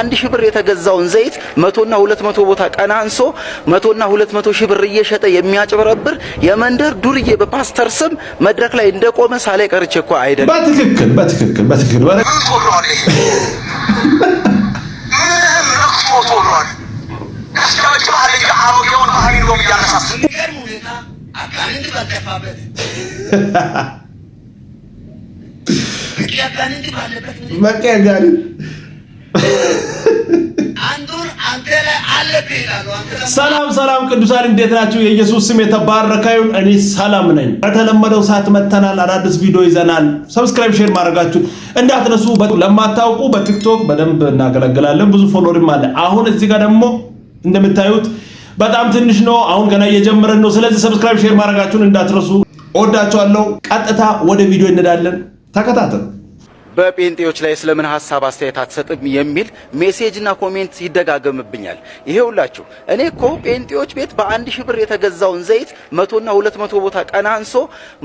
አንድ ሺህ ብር የተገዛውን ዘይት መቶና ሁለት መቶ ቦታ ቀና አንሶ መቶና ሁለት መቶ ሺህ ብር እየሸጠ የሚያጭበረብር የመንደር ዱርዬ በፓስተር ስም መድረክ ላይ እንደቆመ ሳላይ ቀርቼ እኮ አይደለም። በትክክል በትክክል በትክክል በቃ ሰላም ሰላም፣ ቅዱሳን እንዴት ናችሁ? የኢየሱስ ስም የተባረከ ይሁን። እኔ ሰላም ነኝ። ከተለመደው ሰዓት መተናል። አዳዲስ ቪዲዮ ይዘናል። ሰብስክራይብ፣ ሼር ማድረጋችሁ እንዳትነሱ። ለማታውቁ በቲክቶክ በደንብ እናገለግላለን። ብዙ ፎሎወርም አለ። አሁን እዚህ ጋር ደግሞ እንደምታዩት በጣም ትንሽ ነው። አሁን ገና እየጀመረን ነው። ስለዚህ ሰብስክራይብ፣ ሼር ማድረጋችሁን እንዳትረሱ። ወዳችኋለሁ። ቀጥታ ወደ ቪዲዮ እንሄዳለን። ተከታተሉ። በጴንጤዎች ላይ ስለምን ሀሳብ አስተያየት አትሰጥም የሚል ሜሴጅና ኮሜንት ይደጋገምብኛል። ይሄውላችሁ እኔ እኮ ጴንጤዎች ቤት በአንድ ሺህ ብር የተገዛውን ዘይት መቶና ሁለት መቶ ቦታ ቀና አንሶ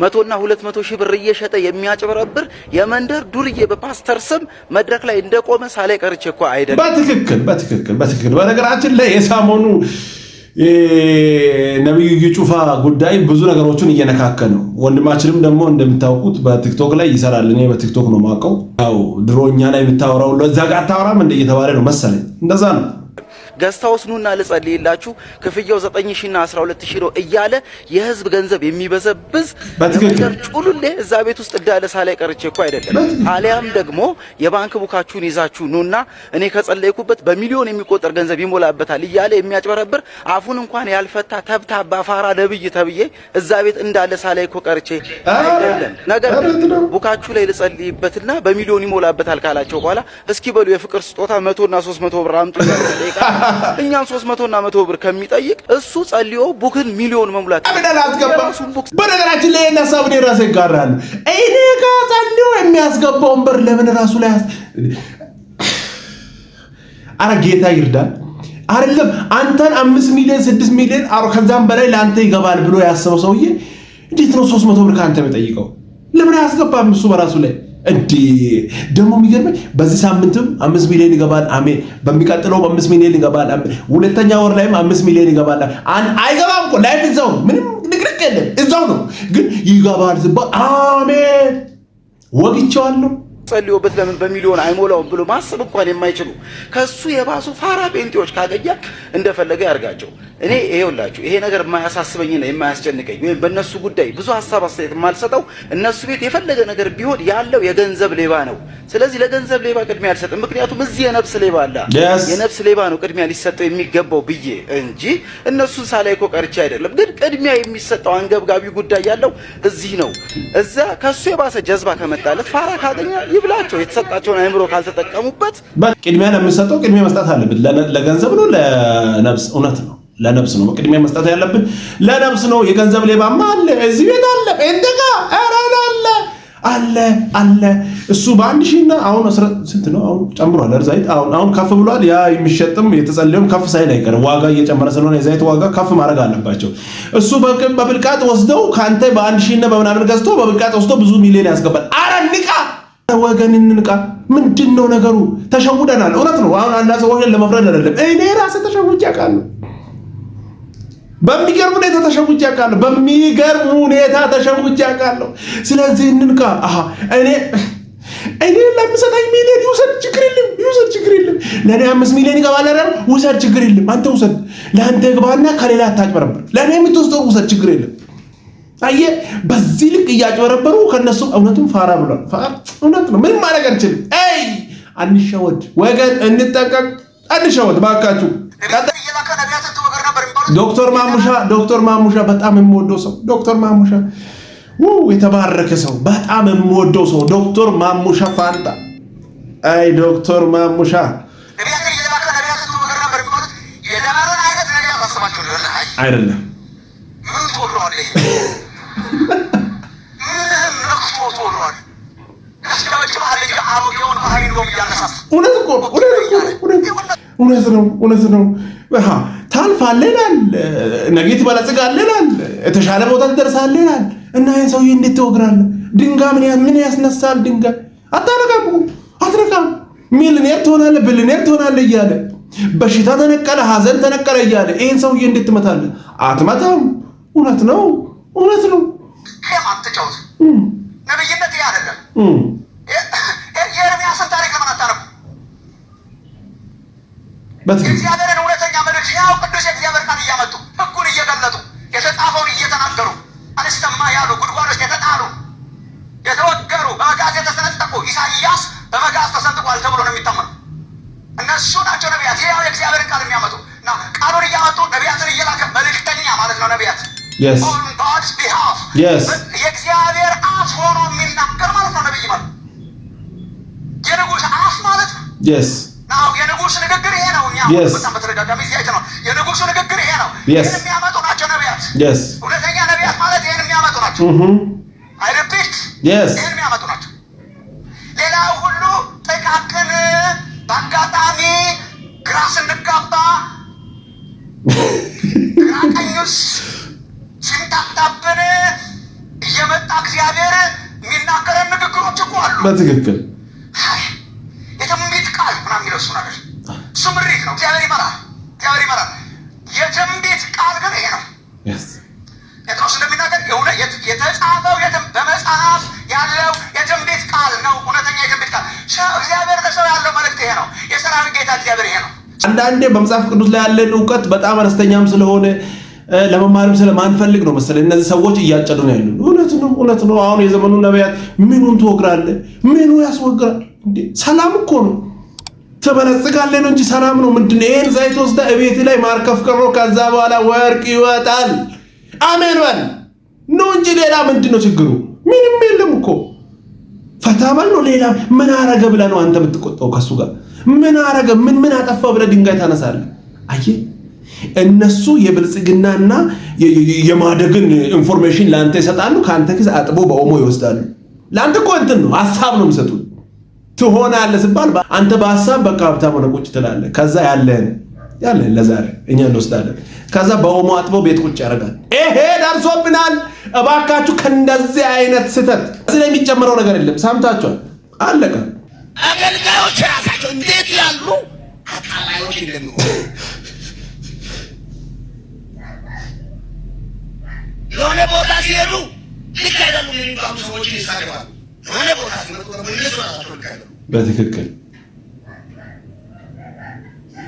መቶና ሁለት መቶ ሺህ ብር እየሸጠ የሚያጭበረብር የመንደር ዱርዬ በፓስተር ስም መድረክ ላይ እንደቆመ ሳላይ ቀርቼ እኮ አይደለም። በትክክል በትክክል በትክክል በነገራችን ላይ የሰሞኑ ነቢዩ የጩፋ ጉዳይ ብዙ ነገሮችን እየነካከ ነው። ወንድማችንም ደግሞ እንደምታውቁት በቲክቶክ ላይ ይሰራል። እኔ በቲክቶክ ነው የማውቀው። ያው ድሮ እኛ ላይ የምታወራው ለዛ ጋር አታወራም እንደ እየተባለ ነው መሰለኝ እንደዛ ነው። ገዝታ ውስኑና ልጸልይላችሁ ክፍያው 9000 እና 12000 ነው እያለ የህዝብ ገንዘብ የሚበዘብዝ በትክክል ጩሉሌ እዛ ቤት ውስጥ እንዳለ ሳላይ ቀርቼ እኮ አይደለም። አሊያም ደግሞ የባንክ ቡካችሁን ይዛችሁ ኑና እኔ ከጸለይኩበት በሚሊዮን የሚቆጠር ገንዘብ ይሞላበታል እያለ የሚያጭበረብር አፉን እንኳን ያልፈታ ተብታባ ፋራ ነብይ ተብዬ እዛ ቤት እንዳለ ሳላይ እኮ ቀርቼ አይደለም። ነገር ቡካችሁ ላይ ልጸልይበትና በሚሊዮን ይሞላበታል ካላቸው በኋላ እስኪ በሉ የፍቅር ስጦታ መቶና ሶስት መቶ ብር አምጡ እኛን ሶስት እና መቶ ብር ከሚጠይቅ እሱ ጸልዮ ቡክን ሚሊዮን መሙላት አብደን በነገራችን ላይ ሀሳብ እኔ ራሴ ይጋራል። እኔ ጋ ጸልዮ የሚያስገባውን ብር ለምን ራሱ ላይ አረ ጌታ ይርዳል። አይደለም አንተን አምስት ሚሊዮን ስድስት ሚሊዮን ከዛም በላይ ለአንተ ይገባል ብሎ ያሰበው ሰውዬ እንዴት ነው ሶስት መቶ ብር ከአንተ የሚጠይቀው? ለምን አያስገባም እሱ በራሱ ላይ እንዴ ደግሞ የሚገርመኝ በዚህ ሳምንትም አምስት ሚሊዮን ይገባል። አሜን። በሚቀጥለው አምስት ሚሊዮን ይገባል። ሁለተኛ ወር ላይም አምስት ሚሊዮን ይገባል። አይገባም እኮ ላይፍ እዛው ምንም ንቅንቅ የለም እዛው ነው። ግን ይገባል ሲባል አሜን ወግቼዋለሁ ጸልዮበት ለምን በሚሊዮን አይሞላውም ብሎ ማሰብ እንኳን የማይችሉ ከሱ የባሱ ፋራ ጴንጤዎች ካገኘ እንደፈለገ ያርጋቸው። እኔ ይሄውላችሁ ይሄ ነገር የማያሳስበኝና የማያስጨንቀኝ ወይም በእነሱ ጉዳይ ብዙ ሀሳብ አስተያየት የማልሰጠው እነሱ ቤት የፈለገ ነገር ቢሆን ያለው የገንዘብ ሌባ ነው። ስለዚህ ለገንዘብ ሌባ ቅድሚያ አልሰጥም። ምክንያቱም እዚህ የነፍስ ሌባ አለ። የነፍስ ሌባ ነው ቅድሚያ ሊሰጠው የሚገባው ብዬ እንጂ እነሱን ሳላይ እኮ ቀርቼ አይደለም። ግን ቅድሚያ የሚሰጠው አንገብጋቢ ጉዳይ ያለው እዚህ ነው። እዛ ከሱ የባሰ ጀዝባ ከመጣለት ፋራ ካገኛል ይብላቸው። የተሰጣቸውን አይምሮ ካልተጠቀሙበት ቅድሚያ ለሚሰጠው ቅድሚያ መስጠት አለብን። ለገንዘብ ነው ለነብስ እውነት ነው ለነብስ ነው ቅድሚያ መስጠት ያለብን ለነብስ ነው። የገንዘብ ሌባማ አለ፣ እዚህ ቤት አለ፣ ጴንጤጋ ራን አለ አለ አለ። እሱ በአንድ ሺህና አሁን ስንት ነው? አሁን ጨምሯል። እርዛይት አሁን ከፍ ብሏል። ያ የሚሸጥም የተጸለየም ከፍ ሳይል አይቀርም። ዋጋ እየጨመረ ስለሆነ የዛይት ዋጋ ከፍ ማድረግ አለባቸው። እሱ በብልቃጥ ወስደው ከአንተ በአንድ ሺህና በምናምን ገዝቶ በብልቃጥ ወስዶ ብዙ ሚሊዮን ያስገባል። አረ ንቃ ወገን እንንቃ። ምንድን ነው ነገሩ? ተሸውደናል። እውነት ነው። አሁን አንዳ ሰው ወገን ለመፍረድ አይደለም። እኔ ራሴ ተሸውጄ አውቃለሁ። በሚገርም ሁኔታ ተሸውጄ አውቃለሁ። በሚገርም ሁኔታ ተሸውጄ አውቃለሁ። ስለዚህ እንንቃ። አሀ እኔ እኔ ለምሰጠኝ ሚሊዮን ይውሰድ፣ ችግር የለም። ይውሰድ፣ ችግር የለም። ለእኔ አምስት ሚሊዮን ይገባል አይደል? ውሰድ፣ ችግር የለም። አንተ ውሰድ፣ ለአንተ ግባና ከሌላ አታጭበረብር። ለእኔ የምትወስደው ውሰድ፣ ችግር የለም። አየ በዚህ ልክ እያጭበረበሩ ከነሱም እውነቱም ፋራ ብሏል። እውነት ነው፣ ምንም ማድረግ አንችልም። ይ አንሸወድ ወገን እንጠቀቅ፣ አንሸወድ ባካችሁ። ዶክተር ማሙሻ ዶክተር ማሙሻ በጣም የምወደው ሰው ዶክተር ማሙሻ የተባረከ ሰው በጣም የምወደው ሰው ዶክተር ማሙሻ ፋንታ። አይ ዶክተር ማሙሻ አይደለም እውነት ነው፣ እውነት ነው። ታልፋለህ ነገ ትበለጽጋለህ የተሻለ ቦታ ትደርሳለህ እና ይህን ሰውዬ እንዴት ትወግራለህ? ድንጋይ ምን ያስነሳል? ድንጋይ አታነቃም፣ አትነቃም። ሚሊኔር ትሆናለህ፣ ቢሊኔር ትሆናለ እያለ በሽታ ተነቀለ፣ ሀዘን ተነቀለ እያለ ይህን ሰውዬ እንዴት ትመታለህ? አትመታም። እውነት ነው፣ እውነት ነው። ነብይነት ይህ አይደለም። የኤርሚያስን ታሪክ ለምን አታነቁ? የእግዚአብሔርን እውነተኛ መልእክት ያው ቅዱስ የእግዚአብሔር ቃል እያመጡ ሕጉን እየገለጡ የተጻፈውን እየተናገሩ አልሰማ ያሉ ጉድጓዶች የተጣሉ የተወገሩ በመጋዝ የተሰነጠቁ ኢሳይያስ በመጋዝ ተሰንጥቋል ተብሎ ነው የሚታመኑ። እነሱ ናቸው ነቢያት፣ ያው የእግዚአብሔርን ቃል የሚያመጡ እና ቃሉን እያመጡ ነቢያትን እየላከ መልእክተኛ ማለት ነው ነቢያት የእግዚአብሔር አፍ ሆኖ የሚናገር ማለት ነው ነቢይ ማለት የንጉሥ አፍ ማለት ነው። በጣም በተደጋጋሚ ሲያይት ነው። የንጉሱ ንግግር ይሄ ነው። ይህን የሚያመጡ ናቸው ነቢያት። እውነተኛ ነቢያት ማለት ይህን የሚያመጡ ናቸው። አይረቤት mm-hmm. ይህን የሚያመጡ ናቸው። ሌላው ሁሉ ጥቃቅን በአጋጣሚ ግራ ስንጋባ ግራ ቀኙስ ሲንታታብን እየመጣ እግዚአብሔር የሚናገረን ንግግሮች እኮ አሉ። በትክክል ጌታ እግዚአብሔር ይሄ ነው። አንዳንዴ በመጽሐፍ ቅዱስ ላይ ያለን እውቀት በጣም አነስተኛም ስለሆነ ለመማርም ስለማንፈልግ ነው መሰለኝ እነዚህ ሰዎች እያጨዱ ነው ያሉ። እውነት ነው፣ እውነት ነው። አሁን የዘመኑ ነቢያት ምኑን ትወግራለህ? ምኑ ያስወግራል? ሰላም እኮ ነው። ትበለጽጋለህ ነው እንጂ ሰላም ነው ምንድን ይሄን ዘይት ወስደ እቤት ላይ ማርከፍከሮ፣ ከዛ በኋላ ወርቅ ይወጣል። አሜን በል ነው እንጂ ሌላ ምንድን ነው ችግሩ? ምንም የለም እኮ ፈታበል ነው ሌላ ምን አረገ ብለህ ነው አንተ የምትቆጣው? ከሱ ጋር ምን አረገ ምን ምን አጠፋ ብለህ ድንጋይ ታነሳለህ? አየህ፣ እነሱ የብልጽግናና የማደግን ኢንፎርሜሽን ለአንተ ይሰጣሉ። ከአንተ ጊዜ አጥቦ በኦሞ ይወስዳሉ። ለአንተ እኮ እንትን ነው ሀሳብ ነው የሚሰጡት። ትሆናለህ ስባል አንተ በሀሳብ በቃ ሀብታም ሆነ ቁጭ ትላለህ። ከዛ ያለህን ያለ ለዛሬ እኛ እንወስዳለን። ከዛ በኦሞ አጥቦ ቤት ቁጭ ያደርጋል። ይሄ ደርሶብናል። እባካችሁ ከእንደዚህ አይነት ስህተት እዚህ ላይ የሚጨምረው ነገር የለም። ሰምታችኋል። አለቀ። አገልጋዮች ራሳቸው እንዴት ያሉ አጣላዮች እንደሚሆኑ የሆነ ቦታ ሲሄዱ ልክ አይደሉም የሚባሉ ሰዎች ይሳደባሉ። የሆነ ቦታ ሲመጡ ደግሞ እነሱ ራሳቸው ልክ አይደሉም በትክክል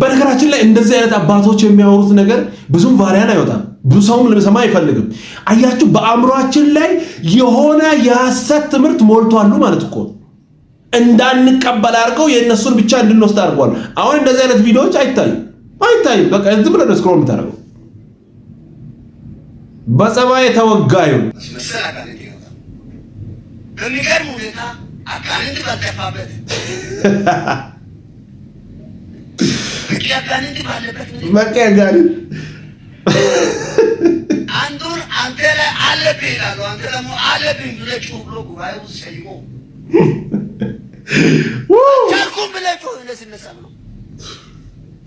በነገራችን ላይ እንደዚህ አይነት አባቶች የሚያወሩት ነገር ብዙም ቫሪያን አይወጣም፣ ብዙ ሰውም ልሰማ አይፈልግም። አያችሁ፣ በአእምሯችን ላይ የሆነ የሐሰት ትምህርት ሞልቷሉ ማለት እኮ እንዳንቀበል አድርገው የእነሱን ብቻ እንድንወስድ አድርጓል። አሁን እንደዚህ አይነት ቪዲዮዎች አይታዩ አይታዩ። በቃ ዝም ብለህ ነው ስክሮል የምታደርገው። በጸባይ የተወጋዩ በሚገርም ሁኔታ አካልን ባልተፋበት መቀየር ጋር አንዱን አንተ ላይ አለብህ ይላሉ። አንተ ደግሞ አለብኝ ብለህ ብሎ ጉባኤ ውስጥ ሰይሞ ቻልኩም ብለህ ለስነሳ ነው።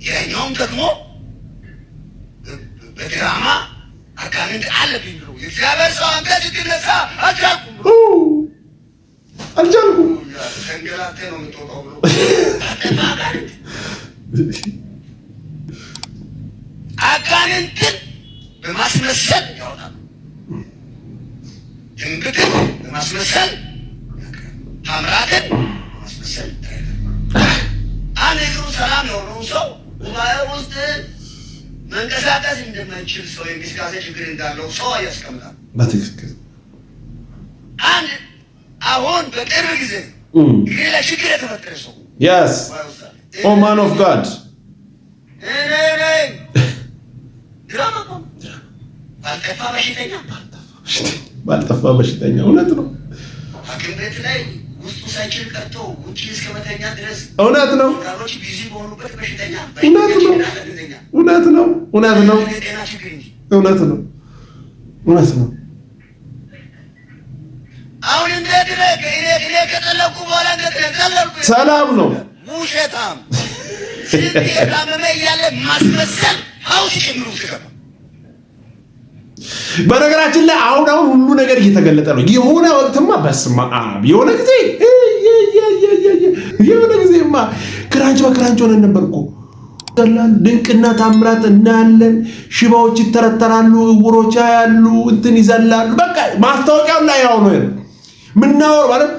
ይኸኛውም ደግሞ በድራማ አጋንንት አለብኝ ብሎ የእግዚአብሔር ሰው አንተ ስትነሳ አልቻልኩም ብሎ አልቻልኩም ተንገላተ ነው የምትወጣው ብሎ አጋንንትን በማስመሰል ያወጣሉ። ድንግትን በማስመሰል ታምራትን በማስመሰል አንድ እግሩ ሰላም የሆነው ሰው ጉባኤ ውስጥ መንቀሳቀስ እንደማይችል ሰው የእንቅስቃሴ ችግር እንዳለው ሰው ያስቀምጣል። በትክክል አንድ አሁን በቅርብ ጊዜ ሌላ ችግር የተፈጠረ ሰው ኦ ማን ኦፍ ጋድ ባልጠፋ በሽተኛ እውነት ነው። እውነት ነው። እውነት ነው። እውነት ነው። እውነት ነው። እውነት ነው። ሰላም ነው። ውሸታም ሽንት እያለ ማስመሰል ሀውስ ጭምር ውሸታም። በነገራችን ላይ አሁን አሁን ሁሉ ነገር እየተገለጠ ነው። የሆነ ወቅትማ በስመ አብ የሆነ ጊዜ የሆነ ጊዜማ ክራንች በክራንች ሆነን ነበር እኮ ድንቅና ታምራት እናያለን። ሽባዎች ይተረተራሉ፣ እውሮች ያሉ እንትን ይዘላሉ። በቃ ማስታወቂያው ላይ ያው ነው የምናወር ማለት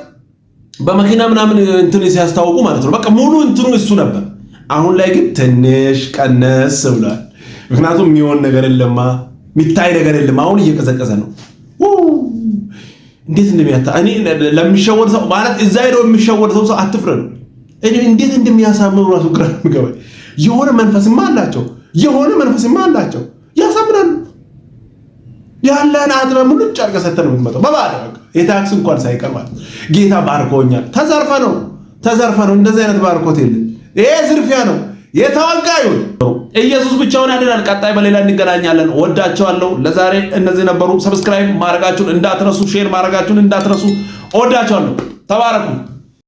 በመኪና ምናምን እንትን ሲያስታውቁ ማለት ነው። በቃ ሙሉ እንትኑ እሱ ነበር። አሁን ላይ ግን ትንሽ ቀነስ ብሏል። ምክንያቱም የሚሆን ነገር የለማ፣ የሚታይ ነገር የለም። አሁን እየቀዘቀዘ ነው። እንዴት እንደሚያታ እኔ ለሚሸወድ ሰው ማለት እዛ ሄደው የሚሸወድ ሰው ሰው አትፍረዱ። እንዴት እንደሚያሳምኑ ራሱ ግራ የሚገባኝ የሆነ መንፈስማ አላቸው፣ የሆነ መንፈስማ አላቸው፣ ያሳምናሉ ያለን አድረ ሙልጭ አድርገህ ሰተን የሚመጣው። በባዳ የታክስ እንኳን ሳይቀር ጌታ ባርኮኛል። ተዘርፈ ነው ተዘርፈ ነው። እንደዚህ አይነት ባርኮት የለ። ይሄ ዝርፊያ ነው። የተዋጋዩ ኢየሱስ ብቻውን ያድናል። ቀጣይ በሌላ እንገናኛለን። ወዳቸዋለሁ። ለዛሬ እነዚህ ነበሩ። ሰብስክራይብ ማድረጋችሁን እንዳትረሱ፣ ሼር ማድረጋችሁን እንዳትረሱ። ወዳቸዋለሁ። ተባረኩ።